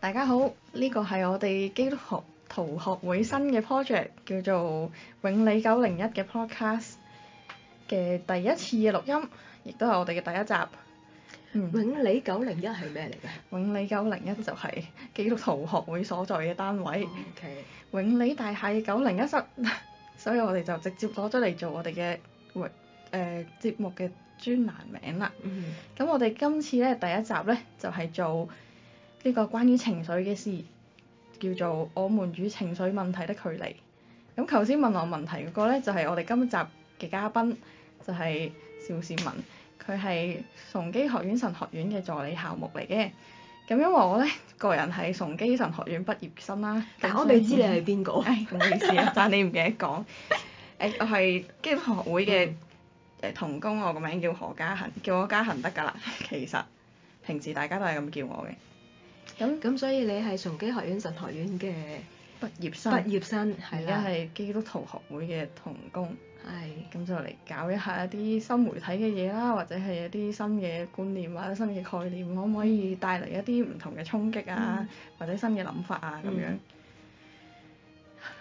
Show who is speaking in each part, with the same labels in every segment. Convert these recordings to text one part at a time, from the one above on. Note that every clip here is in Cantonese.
Speaker 1: 大家好，呢、這個係我哋基督徒學，徒學會新嘅 project，叫做永利九零一嘅 podcast 嘅第一次嘅錄音，亦都係我哋嘅第一集。嗯、永利九零一係咩嚟嘅？永利九零一就係基督徒學會所在嘅單位。Okay. 永利大廈九零一室，所以我哋就直接攞咗嚟做我哋嘅永誒節目嘅專欄名啦。咁、嗯、我哋今次咧第一集咧就係、是、做。呢個關於情緒嘅事，叫做我們與情緒問題的距離。咁頭先問我問題嗰個咧，就係我哋今集嘅嘉賓，就係邵倩文。佢係崇基學院神學院嘅助理校牧嚟嘅。咁因為我咧個人係崇基神學院畢業生啦，但以我未知你係邊個。係、哎，唔好意思，但你唔記得講。誒、 哎，我係基督學會嘅誒同工，我個名叫何嘉恒，叫我嘉恒得㗎啦。其實平時大家都係咁叫我嘅。
Speaker 2: 咁咁所以你係崇基學院神學院嘅畢業生，畢業生係啦，係是、啊、
Speaker 1: 基督徒學會嘅同工，係咁是、啊、就嚟搞一下一啲新媒體嘅嘢啦，或者係一啲新嘅觀念或者新嘅概念，可唔可以帶嚟一啲唔同嘅衝擊
Speaker 2: 啊，嗯、或者新嘅諗法啊咁樣？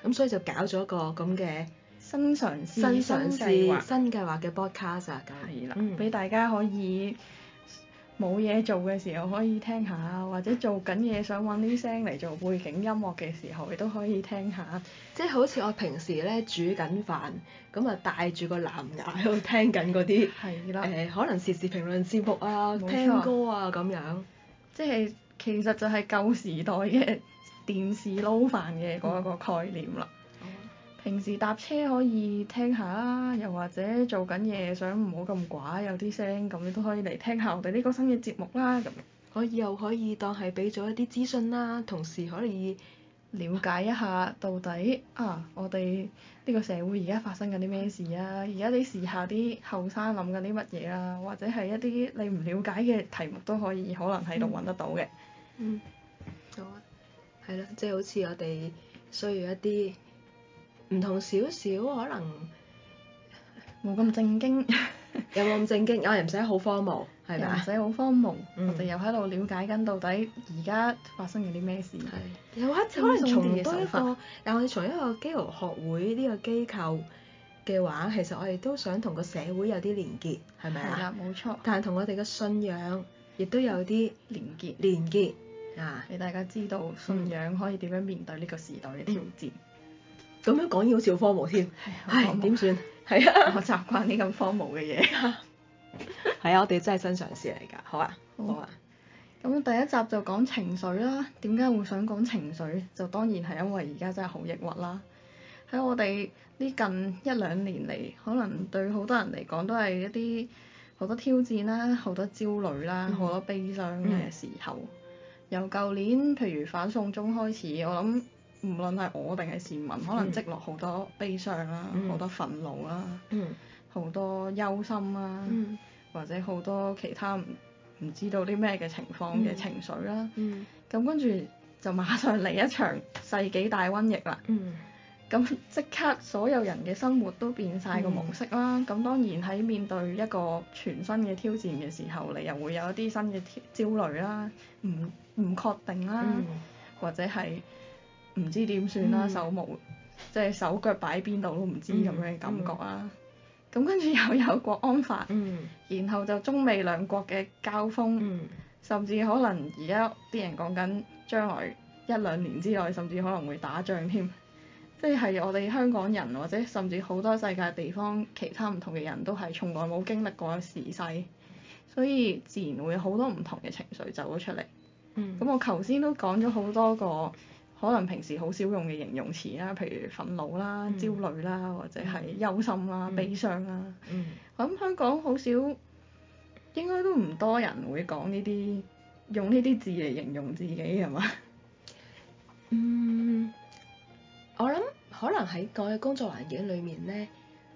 Speaker 2: 咁、嗯、所以就搞咗一個咁嘅新嘗試、新嘗試、新計劃嘅 Podcast 係啦，俾、
Speaker 1: 嗯、大家可以，冇嘢做嘅時候可以聽下，或者做緊嘢想搵啲聲嚟做背景音樂嘅時候，亦都可以聽下。 即係好似我平
Speaker 2: 時咧煮緊飯，咁啊帶住個藍牙喺度聽緊嗰啲誒，可能時事評論節目啊、錯聽歌啊咁樣。 即係其實就
Speaker 1: 係舊時代嘅電視撈飯嘅嗰一個概念啦。 平時搭車可以聽下啦，又或者做緊嘢想唔好咁寡有啲聲咁，你都可以嚟聽下我哋呢個新嘅節目啦。咁可以又可以當係畀咗一啲資訊啦，同時可以了解一下到底啊我哋呢個社會而家發生緊啲咩事啊，而家啲時下啲後生諗緊啲乜嘢啊，或者係一啲你唔了解嘅題目都可以可能喺度揾得到嘅。嗯，嗯，
Speaker 2: 好啊，係咯，即係好似我哋需要一啲。唔同少少，可能冇咁正經，有冇咁正經？我哋唔使好荒謬，係咪啊？唔使好荒謬，我哋又喺度了解緊到底而家
Speaker 1: 發生緊啲咩事。有一次可能從多一
Speaker 2: 個，但我哋從一個基督學會呢個機構嘅話，其實我哋都想同個社會有啲連結，係咪啊？係啦，冇錯。但同我哋嘅信仰亦都有啲連結，連結啊！俾大家知道信仰可以點樣面對呢個時代嘅挑戰。咁樣講好似好荒謬添，係點算？係啊，我習慣啲咁荒謬嘅嘢。係 啊、哎，我哋真係真嘗試嚟㗎，好啊，好，好啊。
Speaker 1: 咁第一集就講情緒啦。點解會想講情緒？就當然係因為而家真係好抑鬱啦。喺我哋呢近一兩年嚟，可能對好多人嚟講都係一啲好多挑戰啦，好多焦慮啦，好多悲傷嘅、嗯嗯嗯、時候。由舊年譬如反送中開始，我諗。唔論係我定係市民，嗯、可能積落好多悲傷啦，好、嗯、多憤怒啦，好、嗯、多憂心啦，嗯、或者好多其他唔唔知道啲咩嘅情況嘅情緒啦。咁跟住就馬上嚟一場世紀大瘟疫啦。咁即、嗯、刻所有人嘅生活都變晒個模式啦。咁、嗯、當然喺面對一個全新嘅挑戰嘅時候，你又會有一啲新嘅焦慮啦，唔唔確定啦、嗯嗯，或者係唔知點算啦，嗯、手無即係手腳擺喺邊度都唔知咁嘅感覺啦。咁跟住又有國安法，嗯、然後就中美兩國嘅交鋒，嗯、甚至可能而家啲人講緊將來一兩年之內，甚至可能會打仗添。即係我哋香港人，或者甚至好多世界地方其他唔同嘅人都係從來冇經歷過嘅時勢，所以自然會有好多唔同嘅情緒走咗出嚟。咁、嗯、我頭先都講咗好多個。可能平時好少用嘅形容詞啦，譬如憤怒啦、嗯、焦慮啦，或者係憂心啦、嗯、悲傷啦。嗯。我諗香港好少，應該都唔多人會講呢啲，用呢啲字嚟形容自己
Speaker 2: 係嘛？嗯。我諗可能喺我嘅工作環境裡面咧，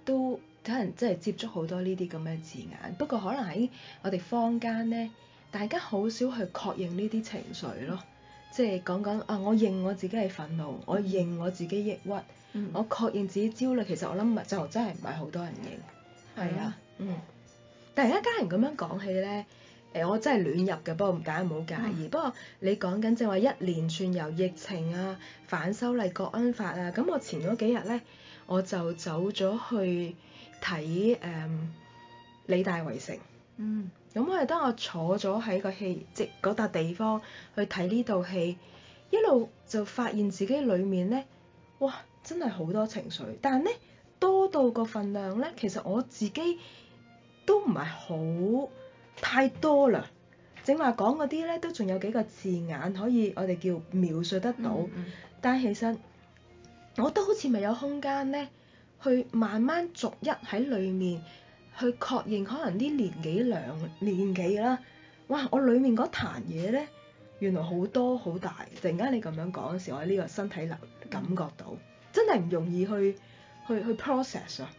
Speaker 2: 都可能即係接觸好多呢啲咁嘅字眼。不過可能喺我哋坊間咧，大家好少去確認呢啲情緒咯。.即係講緊啊，我認我自己係憤怒，我認我自己抑鬱，嗯、我確認自己焦慮。其實我諗就真係唔係好多人認係、嗯、啊。嗯。但係一家人咁樣講起咧，誒、欸，我真係亂入嘅，不過唔介唔好介意。嗯、不過你講緊即係話一連串由疫情啊、反修例國安法啊，咁我前嗰幾日咧，我就走咗去睇誒理大圍城。嗯。咁哋當我坐咗喺個戲即嗰笪地方去睇呢套戲，一路就發現自己裡面咧，哇！真係好多情緒，但係咧多到個份量咧，其實我自己都唔係好太多啦。正話講嗰啲咧，都仲有幾個字眼可以我哋叫描述得到，嗯嗯，但係其實我都好似未有空間咧，去慢慢逐一喺裡面。去確認可能啲年紀兩年紀啦，哇！我裡面嗰壇嘢咧，原來好多好大，突然間你咁樣講時，我喺呢個身體度感覺到，真係唔容易去去去 process 啊，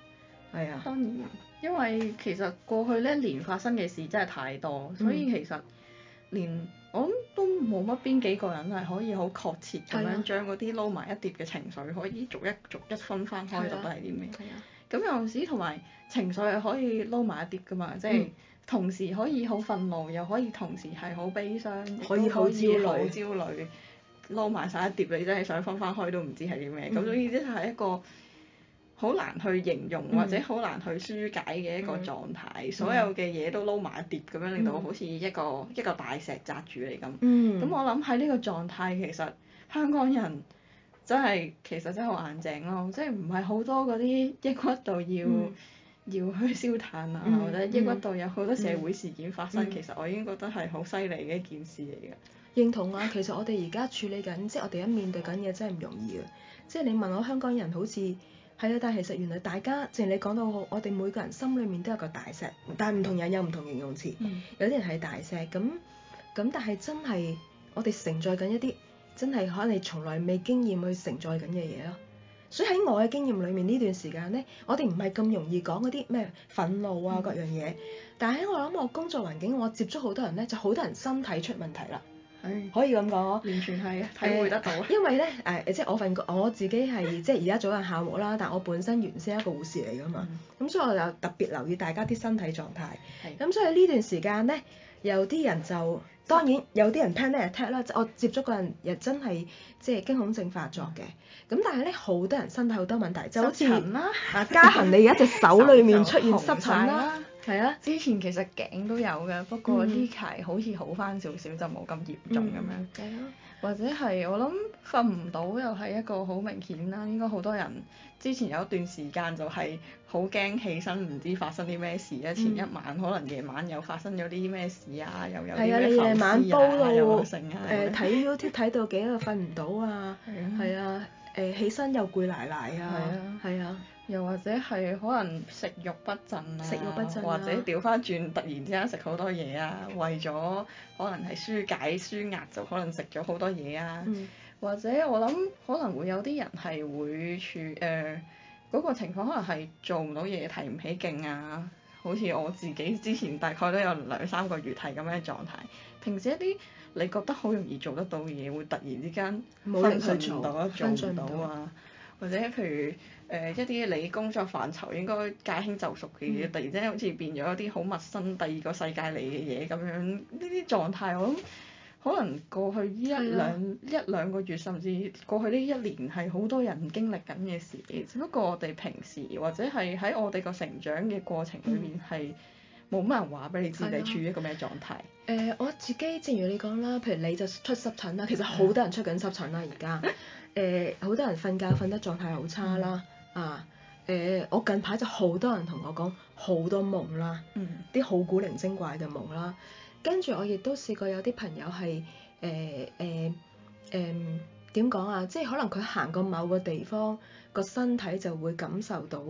Speaker 2: 係啊。當然，因為其實過去呢一年
Speaker 1: 發生嘅事真係太多，所以其實連我諗都冇乜邊幾個人係可以好確切咁樣將嗰啲撈埋一碟嘅情緒，可以逐一逐一分翻開到底係啲咩，係啊。咁有陣時同埋情緒係可以撈埋一碟㗎嘛，嗯、即係同時可以好憤怒，又可以同時係好悲傷，可以好焦慮，好焦慮，撈埋晒一碟，你真係想分返開都唔知係啲咩。咁總之，之係一個好難去形容、嗯、或者好難去紓解嘅一個狀態，嗯、所有嘅嘢都撈埋一碟咁樣，嗯、令到好似一個、嗯、一個大石紮住你咁。咁、嗯嗯、我諗喺呢個狀態其實香港人。真係其實真係好硬淨咯，即係唔係好多嗰啲抑鬱到要要去、嗯、燒炭啊，或者抑鬱到有好多社會事件發生，嗯、其實我已經覺得係好犀利嘅一件事嚟嘅。
Speaker 2: 認同啊，其實我哋而家處理緊， 即係我哋而家面對緊嘢真係唔容易啊！即係你問我香港人好似係啊，但係其實原來大家正如你講到，好，我哋每個人心裡面都有個大石，但係唔同人有唔同形容詞，嗯、有啲人係大石咁咁，但係真係我哋承載緊一啲。真係可能你從來未經驗去承載緊嘅嘢咯，所以喺我嘅經驗裏面呢段時間咧，我哋唔係咁容易講嗰啲咩憤怒啊各樣嘢，嗯、但係我諗我工作環境我接觸好多人咧，就好多人身體出問題啦，係、哎、可以咁講，完全係體會得到。呃、因為咧誒、呃、即係我份我自己係即係而家做緊校務啦， 但我本身原先一個護士嚟噶嘛，咁、嗯、所以我就特別留意大家啲身體狀態，咁、嗯、所以呢段時間咧。有啲人，就當然有啲人 panic attack 啦，我接觸過人又真係即係驚恐症發作嘅。咁但係咧，好多人身體好多問題，就好似像啊嘉恆你一隻手裏面出現濕疹啦。 係啦，之前其實
Speaker 1: 頸都有嘅，不過呢排好似好翻少少，就冇咁嚴重咁樣。 或者係我諗瞓唔到又係一個好明顯啦，應該好多人之前有一段時間就係好驚起身唔知發生啲咩事咧，前一晚 可能夜晚又發生咗啲咩事啊，又有啲咩嘢啊。係啊，你夜晚煲劇啊，誒睇
Speaker 2: YouTube 睇到幾點又瞓唔到啊，係、呃、 啊，誒、啊呃、起身又攰奶奶啊，
Speaker 1: 係啊。又或者係可能食慾不振啊，食慾不振啊或者調翻轉突然之間食好多嘢啊，為咗可能係舒解舒壓就可能食咗好多嘢啊，嗯、或者我諗可能會有啲人係會處誒嗰、呃嗰個情況，可能係做唔到嘢，提唔起勁啊，好似我自己之前大概都有兩三個月係咁樣嘅狀態，平時一啲你覺得好容易做得到嘅嘢，會突然之間分寸唔到，到做唔到，到，到，到啊。或者譬如誒、呃、一啲你工作範疇應該駕輕就熟嘅嘢，突然之間好似變咗一啲好陌生第二個世界嚟嘅嘢咁樣，呢啲狀態我諗可能過去呢一兩的一兩個月，甚至過去呢一年係好多人經歷緊嘅事，只不過我哋平時或者係喺我哋個成長嘅過程裏面係。冇乜人話
Speaker 2: 俾你知你處於一個咩狀態？誒、呃、我自己正如你講啦，譬如你就出濕疹啦，其實好多人出緊濕疹啦而家。誒好、 呃、多人瞓覺瞓得狀態好差啦、嗯、啊！誒、呃、我近排就好多人同我講好多夢啦，啲好、嗯、古靈精怪嘅夢啦。跟住我亦都試過有啲朋友係誒誒誒點講啊？即係可能佢行過某個地方，個身體就會感受到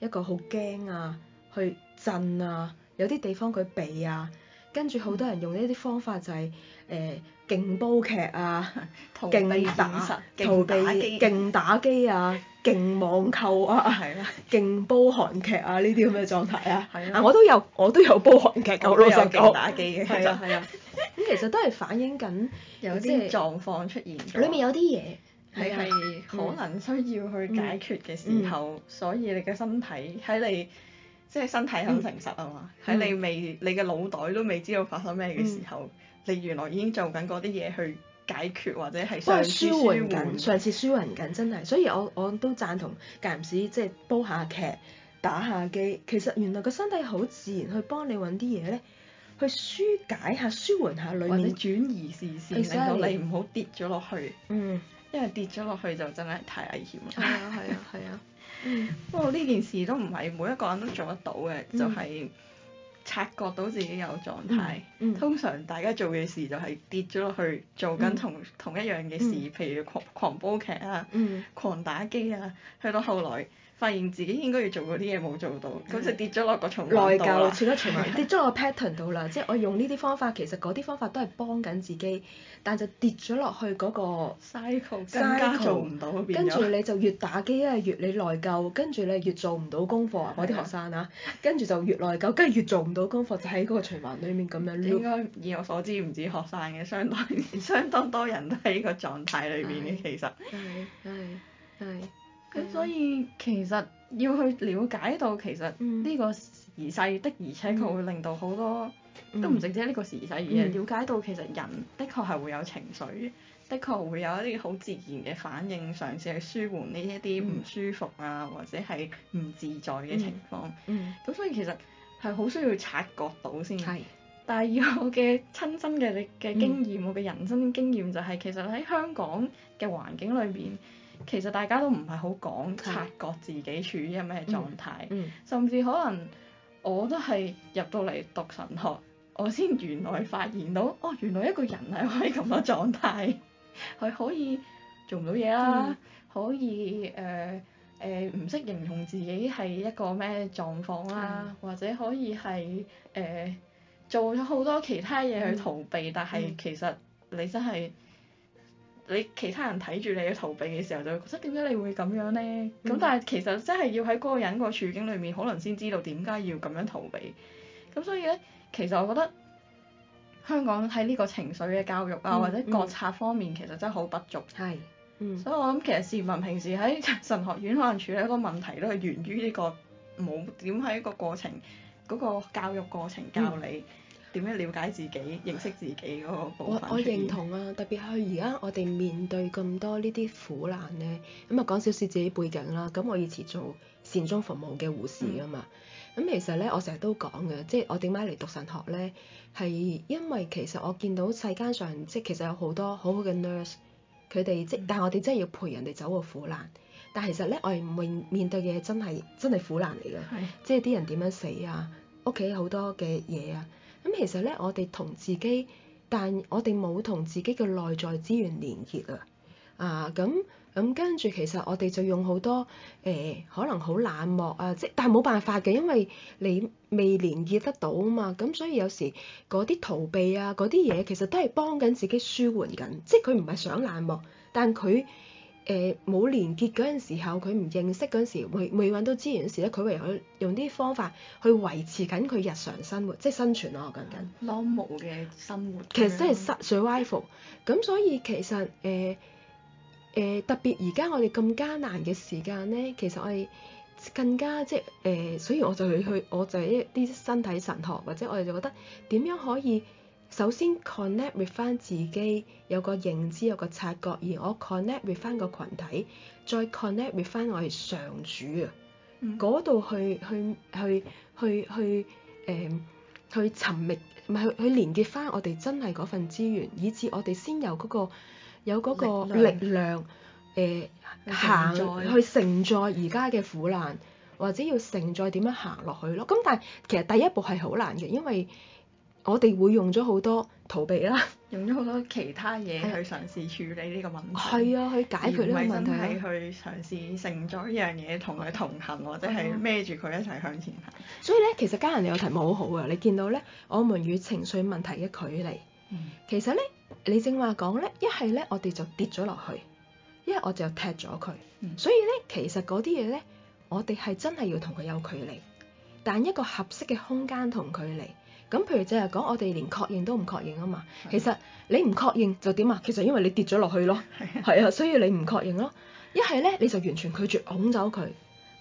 Speaker 2: 一個好驚啊，去震啊！有啲地方佢避啊，跟住好多人用呢啲方法就係誒勁煲劇啊，勁打逃避勁打機啊，勁網購啊，係啦，勁煲韓劇啊呢啲咁嘅狀態啊，係啊，我都有我都有煲韓劇，我都有勁打機嘅，係啊係啊，咁其實都係反映緊有啲狀
Speaker 1: 況出現，裏面有啲嘢係可能需要去解決嘅時候，所以你嘅身體喺你。即係身體很誠實啊嘛，喺、嗯、你未你嘅腦袋都未知道發生咩嘅時候，嗯、你原來已經做緊嗰啲嘢去解決或者係上舒緩，舒緩。上
Speaker 2: 次舒緩緊，真係，所以我我都贊同間唔時即係煲下劇、打下機。其實原來個身體好自然去幫你揾啲嘢咧，去舒解下、舒緩下裏面。或者轉移視線，在令到你唔好跌咗落去。
Speaker 1: 嗯，因為跌咗落去就真係太危險啦。係啊係啊係啊！ 不過呢件事都唔係每一個人都做得到嘅，嗯、就係、是、察覺到自己有狀態。嗯嗯、通常大家做嘅事就係跌咗落去做緊同、嗯、同一樣嘅事，譬如狂狂煲劇啊，嗯、狂打機啊，去到後來。發現自己應該要做嗰啲嘢冇做到，咁就跌咗落個循環度啦。內疚，除咗循環，跌
Speaker 2: 咗落 pattern 度啦。即係我用呢啲方法，其實嗰啲方法都係幫緊自己，但就跌咗落去嗰個。cycle。更加做唔到。跟住你就越打機咧，越你內疚，跟住你越做唔到功課啊！嗰啲學生啊，跟住就越內疚，跟住越做唔到功課，就喺嗰個循環裡面咁樣。應該
Speaker 1: 以我所知唔止學生嘅，相當
Speaker 2: 相當多人都喺
Speaker 1: 呢個狀態裏邊嘅，其實。係係係。佢、嗯、所以其實要去了解到其實呢個時勢的而且確會令到好多、嗯、都唔直接。呢個時勢而嘅。瞭、嗯、解到其實人的確係會有情緒，的確會有一啲好自然嘅反應，嘗試去舒緩呢一啲唔舒服啊，嗯、或者係唔自在嘅情況。咁、嗯嗯、所以其實係好需要察覺到先。係是。但係以我嘅親身嘅嘅經驗，嗯、我嘅人生經驗就係其實喺香港嘅環境裏面。其實大家都唔係好講察覺自己處於咩狀態，嗯嗯、甚至可能我都係入到嚟讀神學，我先原來發現到，哦原來一個人係可以咁多狀態，係、嗯、可以做唔到嘢啦，嗯、可以誒誒唔識形容自己係一個咩狀況啦，嗯、或者可以係誒、呃、做咗好多其他嘢去逃避，嗯、但係其實你真係。你其他人睇住你逃避嘅時候，就會覺得「點解你會咁樣呢？」咁、嗯、但係其實真係要喺嗰個人個處境裏面，可能先知道點解要咁樣逃避。咁所以呢，其實我覺得香港喺呢個情緒嘅教育啊，嗯、或者覺察方面，其實真係好不足。係。嗯、所以我諗其實市民平時喺神學院可能處理一個問題都係源於呢、這個冇點喺個過程嗰、那個教育過程教你。嗯點樣了解自己、認識自己嗰個部分？我我認同
Speaker 2: 啊，特別係而家我哋面對咁多呢啲苦難咧。咁啊，講少少自己背景啦。咁我以前做善終服務嘅護士啊嘛。咁、嗯、其實咧，我成日都講嘅，即係我點解嚟讀神學咧？係因為其實我見到世間上即係其實有好多好好嘅 nurse，佢哋即但係我哋真係要陪人哋走過苦難。但係其實咧，我哋面面對嘅嘢真係真係苦難嚟㗎，是即係啲人點樣死啊，屋企好多嘅嘢啊。咁其實咧，我哋同自己，但我哋冇同自己嘅內在資源連結啊！啊，咁咁跟住，其實我哋就用好多誒、欸，可能好冷漠啊，即但係冇辦法嘅，因為你未連結得到啊嘛，咁所以有時嗰啲逃避啊，嗰啲嘢其實都係幫緊自己舒緩緊，即係佢唔係想冷漠，但佢。誒冇、呃、連結嗰陣時候，佢唔認識嗰陣時，未未揾到資源時咧，佢唯有用啲方法去維持緊佢日常生活，即係生存咯，我講緊
Speaker 1: ，normal 嘅生活。其實
Speaker 2: 真係 survival，咁、嗯、所以其實誒誒、呃呃、特別而家我哋咁艱難嘅時間咧，其實我哋更加即係誒，所以我就去我就去，我就一啲身體神學或者、就是、我哋就覺得點樣可以。首先 connect with 翻自己有個認知，有個察覺，而我 connect with 翻個群體，再 connect with 翻我哋上主啊，嗰度、嗯、去去去去、呃、去誒去尋覓，唔係去去連結翻我哋真係嗰份資源，以至我哋先有嗰個有嗰個力量誒、呃、力量行去去承載而家嘅苦難，或者要承載點樣行落去咯。咁但係其實第一步係好難嘅，因為。我哋會用咗好多逃避啦，用咗好多其他嘢去嘗試處
Speaker 1: 理呢個問題，係啊，去解決呢個問題，去嘗試承載一樣嘢同佢同行、嗯、或者係孭住佢一齊向前行。
Speaker 2: 嗯、所以咧，其實嘉仁你個題目好好啊。你見到咧，我們與情緒問題嘅距離，嗯、其實咧，你正話講咧，一係咧我哋就跌咗落去，一係我就踢咗佢。嗯、所以咧，其實嗰啲嘢咧，我哋係真係要同佢有距離，但一個合適嘅空間同距離。咁譬如淨係講我哋連確認都唔確認啊嘛，是的 其實你唔確認就點啊？其實因為你跌咗落去咯，係啊， 所以你唔確認咯。一係咧你就完全拒絕拱走佢。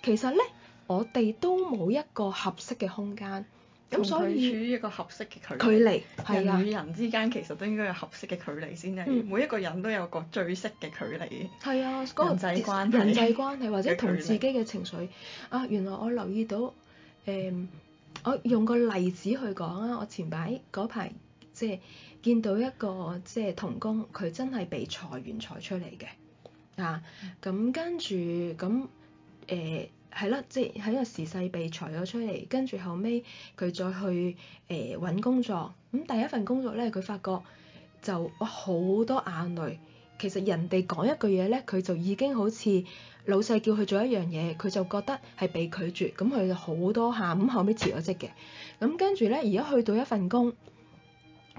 Speaker 2: 其實咧我哋都冇一個合適嘅空間，咁所以處於一個合
Speaker 1: 適嘅距離，距離，係啊，人與人之間其實都應該有合適嘅距離先得，嗯、每一個人都有個最適嘅距離。
Speaker 2: 係啊的，人際關係，人際關係或者同自己嘅情緒啊，原來我留意到誒。啊我用個例子去講啊，我前排嗰排即係見到一個即係同工，佢真係被裁員裁出嚟嘅啊！咁跟住咁誒係啦，即係喺個時勢被裁咗出嚟，跟住後尾，佢再去誒搵、哎、工作，咁第一份工作咧，佢發覺就哇好多眼淚，其實人哋講一句嘢咧，佢就已經好似。老細叫佢做一樣嘢，佢就覺得係被拒絕，咁佢就好多下，咁後尾辭咗職嘅。咁跟住咧，而家去到一份工，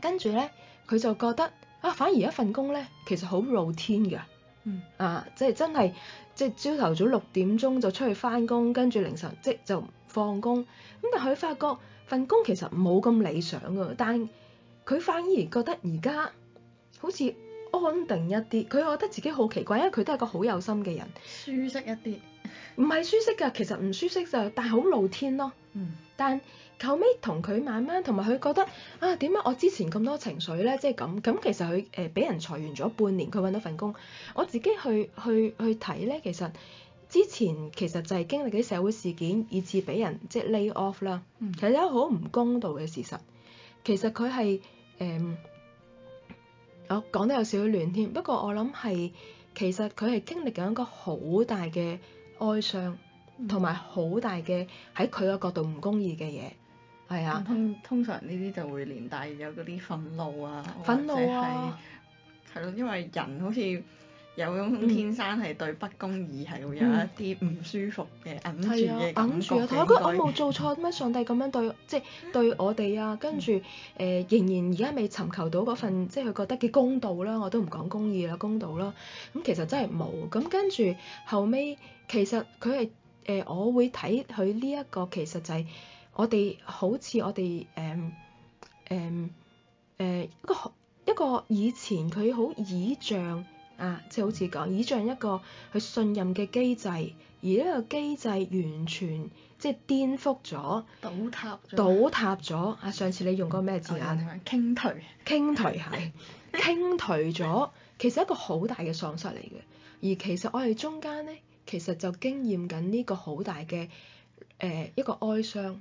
Speaker 2: 跟住咧，佢就覺得啊，反而一份工咧，其實好露天㗎，嗯、啊，即係真係即係朝頭早六點鐘就出去返工，跟住凌晨即就放工。咁但佢發覺份工其實冇咁理想㗎，但佢反而覺得而家好似。安定一啲，佢覺得自己好奇怪，因為佢都係個好有心嘅人。舒適一啲，唔係舒適㗎，其實唔舒適就，但係好露天咯。嗯但。但後尾同佢慢慢，同埋佢覺得啊，點解我之前咁多情緒咧，即係咁咁，其實佢誒俾人裁員咗半年，佢揾到份工。我自己去去去睇咧，其實之前其實就係經歷啲社會事件，以至俾人即係、就是、lay off 啦，其實好唔公道嘅事實。其實佢係誒。呃我講得有少少亂添，不過我諗係其實佢係經歷緊一個好大嘅哀傷，同埋好大嘅喺佢個角度唔公義嘅嘢，係啊、嗯。通常呢啲就會連帶有嗰啲憤怒啊，或者憤怒係係咯，因為人好
Speaker 1: 似。有種天生係對不公義係會有一啲唔舒服嘅揞住啊，感覺該，我覺得我冇做
Speaker 2: 錯咩？ 上帝咁樣對，即係對我哋啊，嗯、跟住誒、呃，仍然而家未尋求到嗰份，即係佢覺得嘅公道啦，我都唔講公義啦，公道啦。咁、嗯、其實真係冇。咁跟住後尾，其實佢係誒，我會睇佢呢一個，其實就係我哋好似我哋誒誒誒一個一個,一個以前佢好倚仗。啊，即、就、係、是、好似講，以一個去信任嘅機制，而呢個機制完全即係顛覆咗，倒塌咗，倒塌咗啊！上次你用過咩字眼啊？傾頹，傾頹係 傾頹咗，其實一個好大嘅喪失嚟嘅。而其實我哋中間咧，其實就經驗緊呢個好大嘅誒、呃、一個哀傷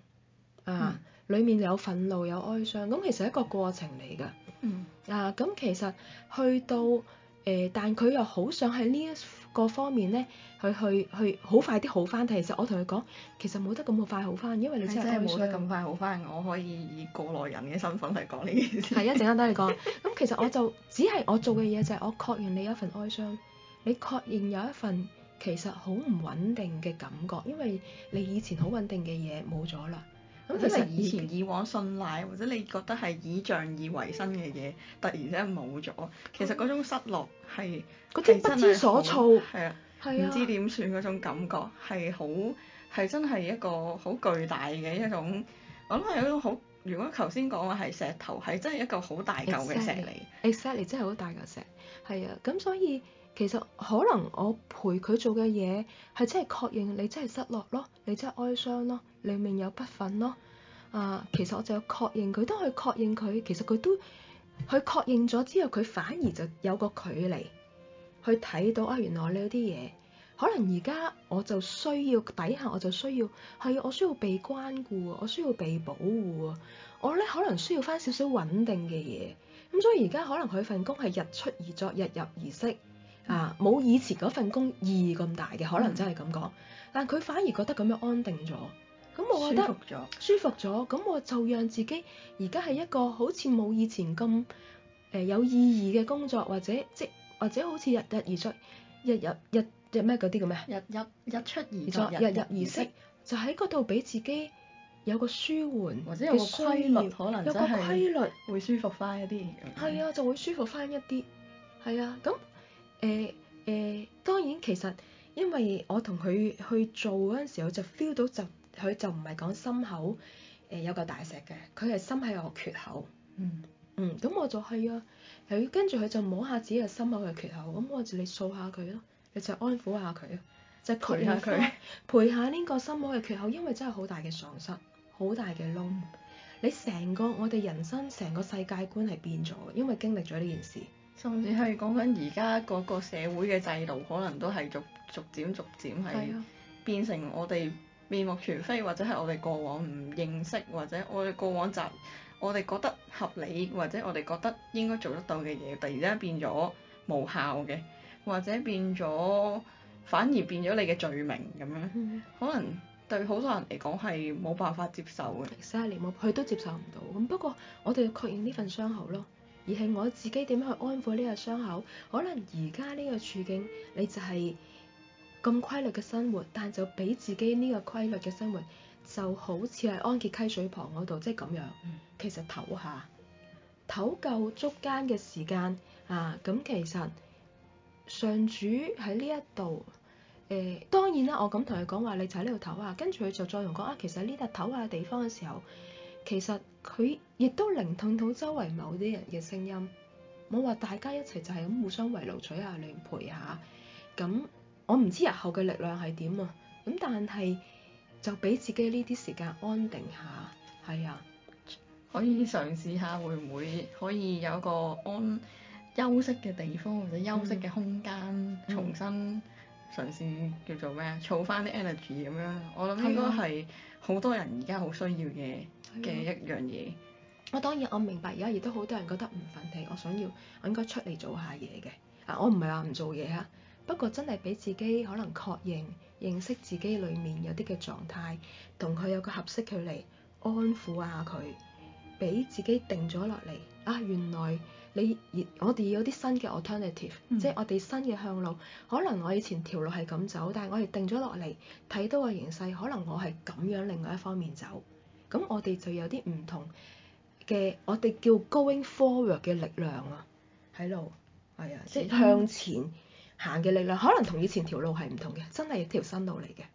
Speaker 2: 啊，嗯、裡面有憤怒，有哀傷，咁其實一個過程嚟㗎。嗯啊，咁其實去到。誒，但佢又好想喺呢一個方面咧，去去去好快啲好翻。但其實我同佢講，其實冇得咁好快好翻，因為你真係冇得咁快好翻。我可以以過來人嘅身份嚟講呢件事。係， 一陣間等你講。咁其實我就只係我做嘅嘢就係、是、我確認你有一份哀傷，你確認有一份其實好唔穩定嘅感覺，因為你以前好穩定嘅嘢冇咗啦。咁即係以前以往信賴或
Speaker 1: 者你覺得係以仗義為生嘅嘢突然之間冇咗，其實嗰種失落係係不知所措，係啊，係啊，唔知點算嗰種感覺係好係真係一個好巨大嘅一種，我諗係有一種好。如果頭先講話係石頭，係真係一嚿好大嚿嘅石嚟。
Speaker 2: Exactly. Exactly，真係好大嚿石。係啊，咁所以。其實可能我陪佢做嘅嘢係真係確認你真係失落咯，你真係哀傷咯，你命有不忿咯啊！其實我就確認佢，都去確認佢，其實佢都去確認咗之後，佢反而就有個距離去睇到啊、哎！原來呢啲嘢，可能而家我就需要底下我就需要係我需要被關顧，我需要被保護啊，我咧可能需要翻少少穩定嘅嘢咁，所以而家可能佢份工係日出而作，日入而息。啊！冇以前嗰份工意義咁大嘅，可能真係咁講。嗯、但佢反而覺得咁樣安定咗，咁我覺得舒服咗。舒服咗，咁我就讓自己而家係一個好似冇以前咁誒、呃、有意義嘅工作，或者即或者好似日日而出，日日日日咩嗰啲咁咩，日日日，日，日，日出而作，日入而息，就喺嗰度俾自己有個舒緩，舒或者有個規律，可能真係有個規律會舒服翻一啲。係啊，就會舒服翻一啲。係啊，咁。誒誒，uh, uh, 當然其實，因為我同佢去做嗰陣時候，就 feel 到就佢就唔係講心口誒、uh, 有個大石嘅，佢係心係有個缺口。嗯。嗯，咁我就去啊，又跟住佢就摸下自己嘅心口嘅缺口，咁我就你掃下佢咯，你就安撫下佢，就陪下佢，陪下呢個心口嘅缺口，因為真係好大嘅喪失，好大嘅窿。嗯、你成個我哋人生，成個世界觀係變咗，因為經歷咗呢件事。甚至係講緊而家嗰個社會嘅
Speaker 1: 制度，可能都係逐逐漸逐漸係變成我哋面目全非，或者係我哋過往唔認識，或者我哋過往集，我哋覺得合理，或者我哋覺得應該做得到嘅嘢，突然間變咗無效嘅，或者變咗反而變咗你嘅罪名咁樣，嗯、可能
Speaker 2: 對好多人嚟講係冇辦法接受嘅。三年，佢都接受唔到。咁不過我哋要確認呢份傷口咯。而係我自己點樣去安撫呢個傷口？可能而家呢個處境，你就係咁規律嘅生活，但就俾自己呢個規律嘅生活，就好似係安歇溪水旁嗰度，即係咁樣。其實唞下，唞夠足間嘅時間啊，咁其實上主喺呢一度，誒、呃、當然啦，我咁同佢講話，你就喺呢度唞下，跟住佢就再同我講啊，其實呢度唞下地方嘅時候，其實。佢亦都靈通到周圍某啲人嘅聲音，冇話大家一齊就係咁互相圍攏取下、啊、亂陪下，咁我唔知日後嘅力量係點啊，咁但係就俾自己呢啲時間安定下，係啊，可以嘗
Speaker 1: 試下會唔會可以有一個安休息嘅地方或者休息嘅空間，嗯、重新、嗯、嘗試叫做咩啊，儲翻啲 energy 咁樣，嗯、我諗應該係好多人而家好需要嘅。嘅一樣嘢，嗯，
Speaker 2: 我當然我明白，而家亦都好多人覺得唔忿氣，我想要我應該出嚟做下嘢嘅。啊，我唔係話唔做嘢哈，不過真係俾自己可能確認認識自己裡面有啲嘅狀態，同佢有個合適距離，安撫下佢，俾自己定咗落嚟。啊，原來你我哋有啲新嘅 alternative，嗯、即係我哋新嘅向路。可能我以前條路係咁走，但係我哋定咗落嚟睇到個形勢，可能我係咁樣另外一方面走。咁我哋就有啲唔同嘅，我哋叫 going forward 嘅力量啊，喺度係啊，即係向前行嘅力量，嗯、可能同以前條路係唔同嘅，真係條新路嚟嘅，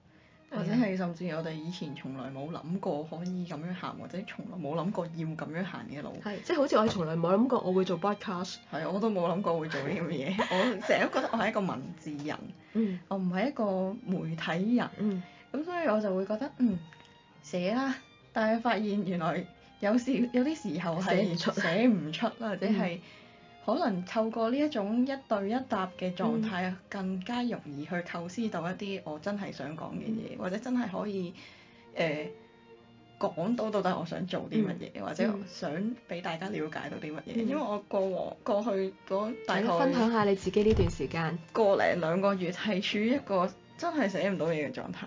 Speaker 1: 或者係甚至我哋以前從來冇諗過可以咁樣行，或者從來冇諗過要咁樣行嘅路，係即係好似我哋從來冇諗過我會做 broadcast，係啊，我都冇諗過會做呢啲嘢， 我成日都覺得我係一個文字人，嗯，我唔係一個媒體人，嗯，咁所以我就會覺得嗯寫啦、啊。但係發現原來有時有啲時候係寫唔出，寫唔出啦， 或者係可能透過呢一種一對一答嘅狀態，嗯、更加容易去構思到一啲我真係想講嘅嘢，嗯、或者真係可以誒講到到底我想做啲乜嘢，嗯、或者想俾大家了解到啲乜嘢。嗯、因為我過往過去嗰大概，分享下你自己呢段時間過零兩個月係處於一個真係寫唔到嘢嘅狀態。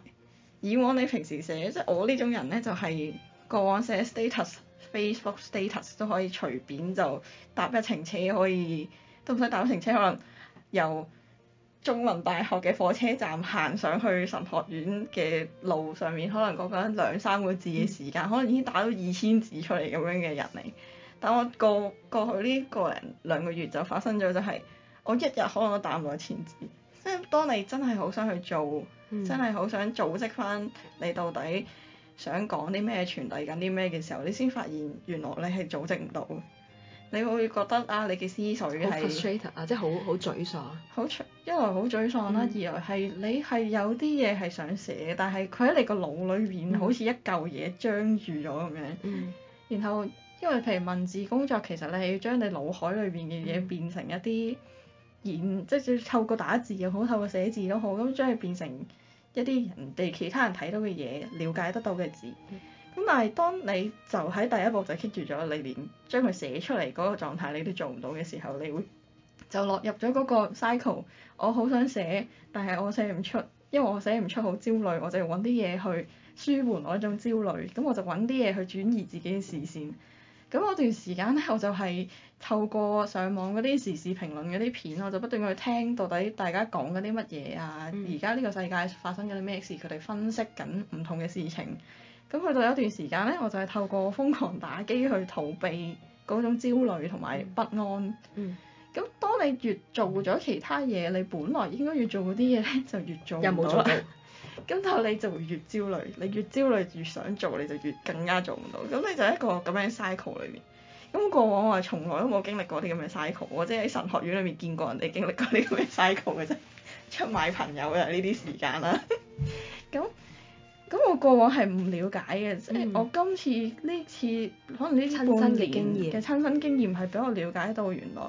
Speaker 1: 以往你平時寫，即係我呢種人呢，就係、是、過往寫 status、Facebook status 都可以隨便就搭一程車可以，都唔使搭一程車，可能由中文大學嘅火車站行上去神學院嘅路上面，可能嗰間兩三個字嘅時間，可能已經打到二千字出嚟咁樣嘅人嚟。嗯、但我過過去呢個零兩個月就發生咗、就是，就係我一日可能都打唔到千字。即係當你真係好想去做。嗯、真係好想組織翻你到底想講啲咩，傳遞緊啲咩嘅時候，你先發現原來你係組織唔到。你會覺得啊，你嘅思緒係啊，即係好好沮喪。好，一來好沮喪啦，二來係、嗯、你係有啲嘢係想寫，但係佢喺你個腦裏面好似一嚿嘢張住咗咁樣。嗯、然後因為譬如文字工作，其實你係要將你腦海裏面嘅嘢變成一啲言，嗯、即係透過打字又好，透過寫字都好，咁將佢變成。一啲人哋其他人睇到嘅嘢，了解得到嘅字，咁但係當你就喺第一步就 keep 住咗，你連將佢寫出嚟嗰個狀態你都做唔到嘅時候，你會就落入咗嗰個 cycle。我好想寫，但係我寫唔出，因為我寫唔出好焦慮，我就要揾啲嘢去舒緩我一種焦慮，咁我就揾啲嘢去轉移自己嘅視線。咁嗰段時間咧，我就係透過上網嗰啲時事評論嗰啲片，我就不斷去聽到底大家講嗰啲乜嘢啊，而家呢個世界發生緊啲咩事，佢哋分析緊唔同嘅事情。咁去到有一段時間咧，我就係透過瘋狂打機去逃避嗰種焦慮同埋不安。嗯。咁、嗯、當你越做咗其他嘢，你本來應該要做嗰啲嘢咧，就越做唔到啦。咁但係你就會越焦慮，你越焦慮越想做，你就越更加做唔到。咁你就係一個咁樣嘅 cycle 裏面。咁過往我係從來都冇經歷過啲咁嘅 cycle，我即係喺神學院裏面見過人哋經歷過啲咁嘅 cycle 嘅啫。出賣朋友嘅呢啲時間啦。咁咁我過往係唔了解嘅，即係、嗯、我今次呢次，次可能呢啲嘅親身嘅親身經驗係俾我了解到原來，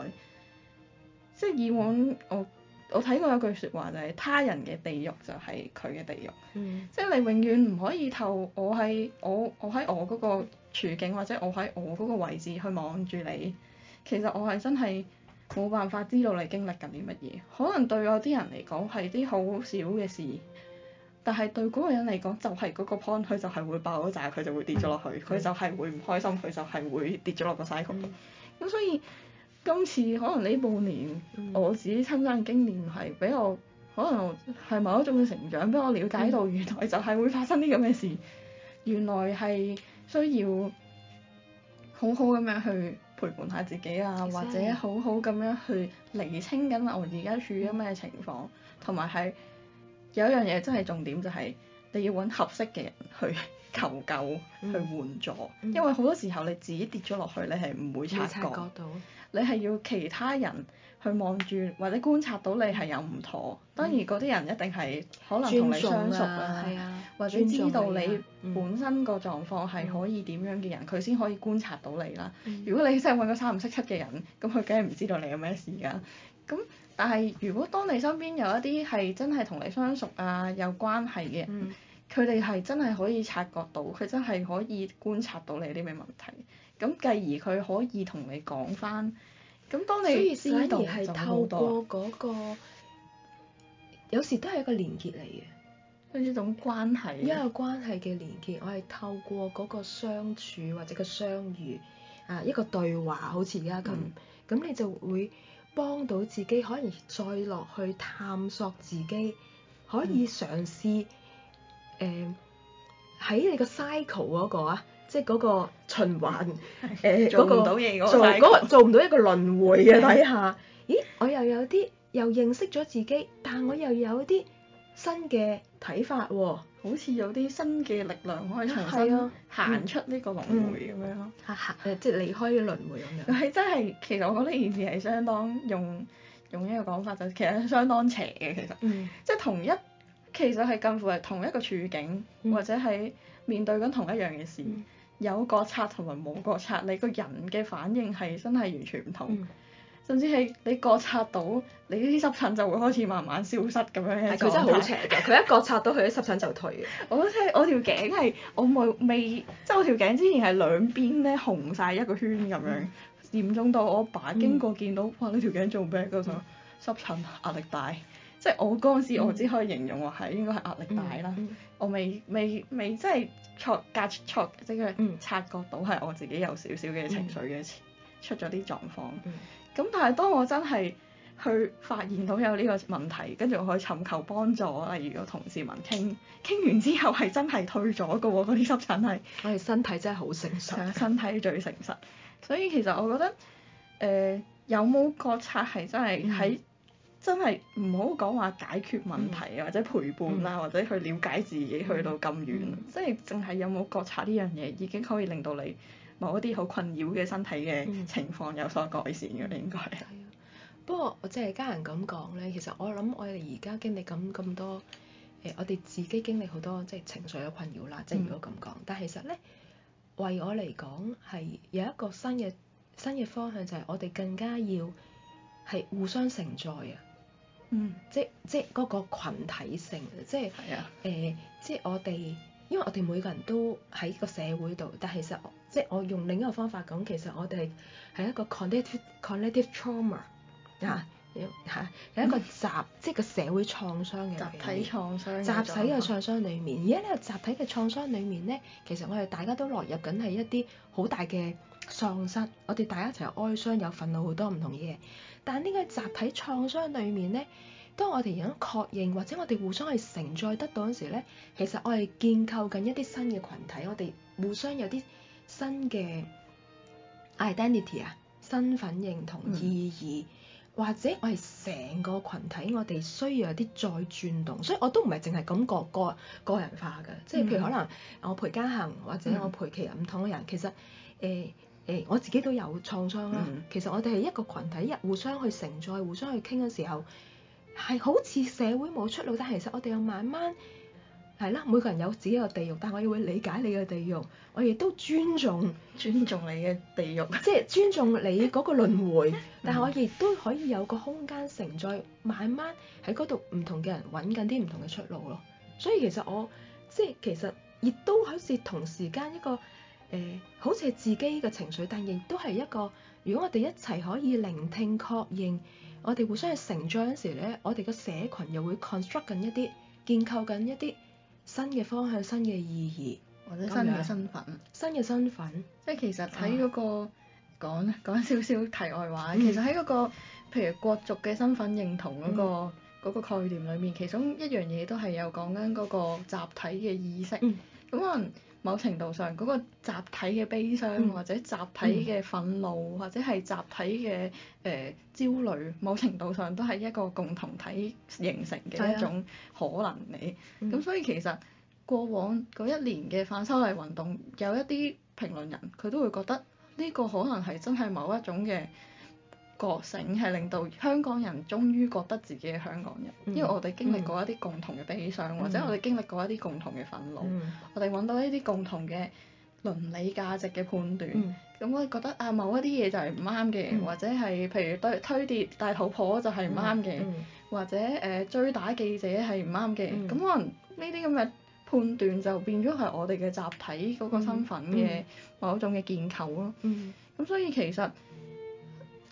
Speaker 1: 即係以往我。嗯我睇過有句説話就係、是、他人嘅地獄就係佢嘅地獄，嗯、即係你永遠唔可以透過我喺我我喺我嗰個處境或者我喺我嗰個位置去望住你，其實我係真係冇辦法知道你經歷緊啲乜嘢。可能對我啲人嚟講係啲好少嘅事，但係對嗰個人嚟講就係、是、嗰個 point，佢就係會爆炸，佢就會跌咗落去，佢、嗯、就係會唔開心，佢就係會跌咗落個 cycle。咁、嗯、所以。今次可能呢半年、嗯、我自己親身嘅經驗係俾我可能係某一種嘅成長，俾我了解到原來就係會發生啲咁嘅事。原來係需要好好咁樣去陪伴下自己啊，或者好好咁樣去厘清緊我而家處於咩情況，同埋係有一樣嘢真係重點就係、是、你要揾合適嘅人去。求救去援助，嗯、因為好多時候你自己跌咗落去，你係唔會，會察覺到，你係要其他人去望住或者觀察到你係有唔妥。嗯、當然嗰啲人一定係可能同你相熟啊，係或者 啊，或者知道你本身個狀況係可以點樣嘅人，佢先、嗯、可以觀察到你啦。嗯、如果你真係揾個三唔識七嘅人，咁佢梗係唔知道你有咩事㗎。咁但係如果當你身邊有一啲係真係同你相熟啊，有關係嘅。嗯佢哋係真係可以察覺到，佢真係可以觀察到你啲咩問題，咁繼而佢可以同你講翻。咁當你所以先而係透過
Speaker 2: 嗰個，有，有時都係一個連結嚟嘅，呢種關係、啊，一個關係嘅連結。我係透過嗰個相處或者個相遇啊，一個對話好，好似而家咁，咁你就會幫到自己，可以再落去探索自己，可以嘗試、嗯。誒喺、呃、你個 cycle 嗰個啊，即係嗰個循環誒做唔到嘢個做嗰做唔到一個輪迴嘅底下， 咦我又有啲又認識咗自己，但我又有啲新嘅睇法喎、啊， 好似有啲新嘅力量可以重新行、哦、出呢個輪迴咁樣咯，誒、 嗯嗯、即係離開呢個輪迴咁
Speaker 1: 樣。係真係，其實我覺得呢件事係相當用用一個講法就其實相當邪嘅，其實即係同一。 其實係近乎係同一個處境，或者係面對緊同一樣嘅事，嗯、有覺察同埋冇覺察，你個人嘅反應係真係完全唔同。嗯、甚至係你覺察到，你呢啲濕疹就會開始慢慢消失咁樣嘅狀態。佢真係好邪嘅。佢一覺察到佢啲濕疹就退。 我覺得，我條頸係我冇未，未 即係我條頸之前係兩邊咧紅晒一個圈咁樣，嗯、嚴重到我阿爸經過見到，哇、嗯！你條頸做咩？嗰陣濕疹壓力大。即係我嗰陣時，我只可以形容我係應該係壓力大啦。嗯嗯、我未未未即係錯隔出錯，即係佢察覺到係我自己有少少嘅情緒嘅出咗啲狀況。咁、嗯、但係當我真係去發現到有呢個問題，跟住我可以尋求幫助，例如個同事問傾，傾完之後係真係退咗㗎喎，嗰啲濕疹係我哋身體真係好誠實，身體最誠實。 所以其實我覺得誒、呃、有冇覺察係真係喺、嗯。嗯真係唔好講話解決問題或者陪伴啦，或者去了解自己去到咁遠，即係淨係有冇覺察呢樣嘢已經可以令到你某一啲好困擾嘅身體嘅情況有所改善嘅咧？應該。
Speaker 2: 不過我即係家人咁講呢，其實我諗我哋而家經歷咁咁多，誒我哋自己經歷好多即係情緒嘅困擾啦。即係如果咁講，但係其實呢，為我嚟講係有一個新嘅新嘅方向，就係我哋更加要係互相承載啊！嗯，即即嗰個群體性，即係誒、嗯呃，即係我哋，因為我哋每個人都喺個社會度，但其實即係我用另一個方法講，其實我哋係一個 collective collective trauma 啊，有嚇一個集，即係個社會創傷嘅集體創傷，集體嘅創傷裡面，而家呢個集體嘅創傷裡面咧，其實我哋大家都落入緊係一啲好大嘅。喪失，我哋大家一齊哀傷，有憤怒，好多唔同嘢。但係呢個集體創傷裏面咧，當我哋有啲確認，或者我哋互相係承載得到嗰時咧，其實我係建構緊一啲新嘅群體，我哋互相有啲新嘅 identity 啊，身份認同、意義，嗯、或者我係成個群體，我哋需要有啲再轉動。所以我都唔係淨係咁個個個人化㗎，即係譬如可能我陪嘉行或者我陪其他唔同嘅人，嗯、其實誒。呃誒、hey，我自己都有創傷啦，嗯、其實我哋係一個群體，一互相去承載、互相去傾嘅時候，係好似社會冇出路，但係其實我哋又慢慢係啦，每個人有自己個地獄，但係我亦會理解你嘅地獄，我亦都尊重尊重你嘅地獄，即係尊重你嗰個輪迴， 嗯、但係我亦都可以有個空間承載，慢慢喺嗰度唔同嘅人揾緊啲唔同嘅出路咯。所以其實我即係其實亦都好似同時間一個。誒、呃，好似係自己嘅情緒，但亦都係一個，如果我哋一齊可以聆聽、確認，我哋互相去成長嗰時咧，我哋個社群又會 construct 緊一啲、建構緊一啲新嘅方向、新嘅意義，或者新嘅身份、樣新嘅身份。即
Speaker 1: 係其實睇嗰、嗰個講講少少題外話，嗯、其實喺嗰、嗰個譬如國族嘅身份認同嗰、嗰個嗯、個概念裏面，其中一樣嘢都係有講緊嗰個集體嘅意識。咁可、嗯某程度上，嗰個集體嘅悲傷，或者集體嘅憤怒，或者係集體嘅誒、呃、焦慮，某程度上都係一個共同體形成嘅一種可能嚟。咁所以其實過往嗰一年嘅反修例運動有一啲評論人佢都會覺得呢個可能係真係某一種嘅。覺醒係令到香港人終於覺得自己係香港人，因為我哋經歷過一啲共同嘅悲傷，或者我哋經歷過一啲共同嘅憤怒，我哋揾到一啲共同嘅倫理價值嘅判斷，咁我覺得啊某一啲嘢就係唔啱嘅，或者係譬如對推跌大肚婆就係唔啱嘅，或者誒追打記者係唔啱嘅，咁可能呢啲咁嘅判斷就變咗係我哋嘅集體嗰個身份嘅某種嘅結構咯，咁所以其實。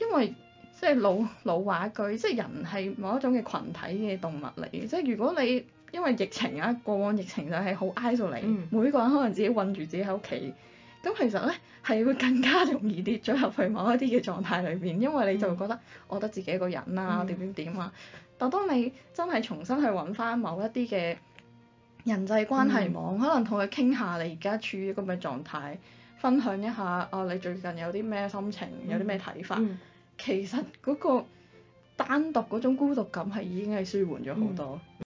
Speaker 1: 因為即係老老話一句，即係人係某一種嘅群體嘅動物嚟嘅。即係如果你因為疫情啊，過往疫情就係好 isolated、嗯、每個人可能自己困住自己喺屋企。咁其實咧係會更加容易跌咗入去某一啲嘅狀態裏面，因為你就覺得、嗯、我得自己一個人啊，點點點啊。但當你真係重新去揾翻某一啲嘅人際關係網，嗯、可能同佢傾下你而家處於咁嘅狀態，分享一下啊，你最近有啲咩心情，有啲咩睇法。嗯其實嗰個單獨嗰種孤獨感係已經係舒緩咗好多。嗯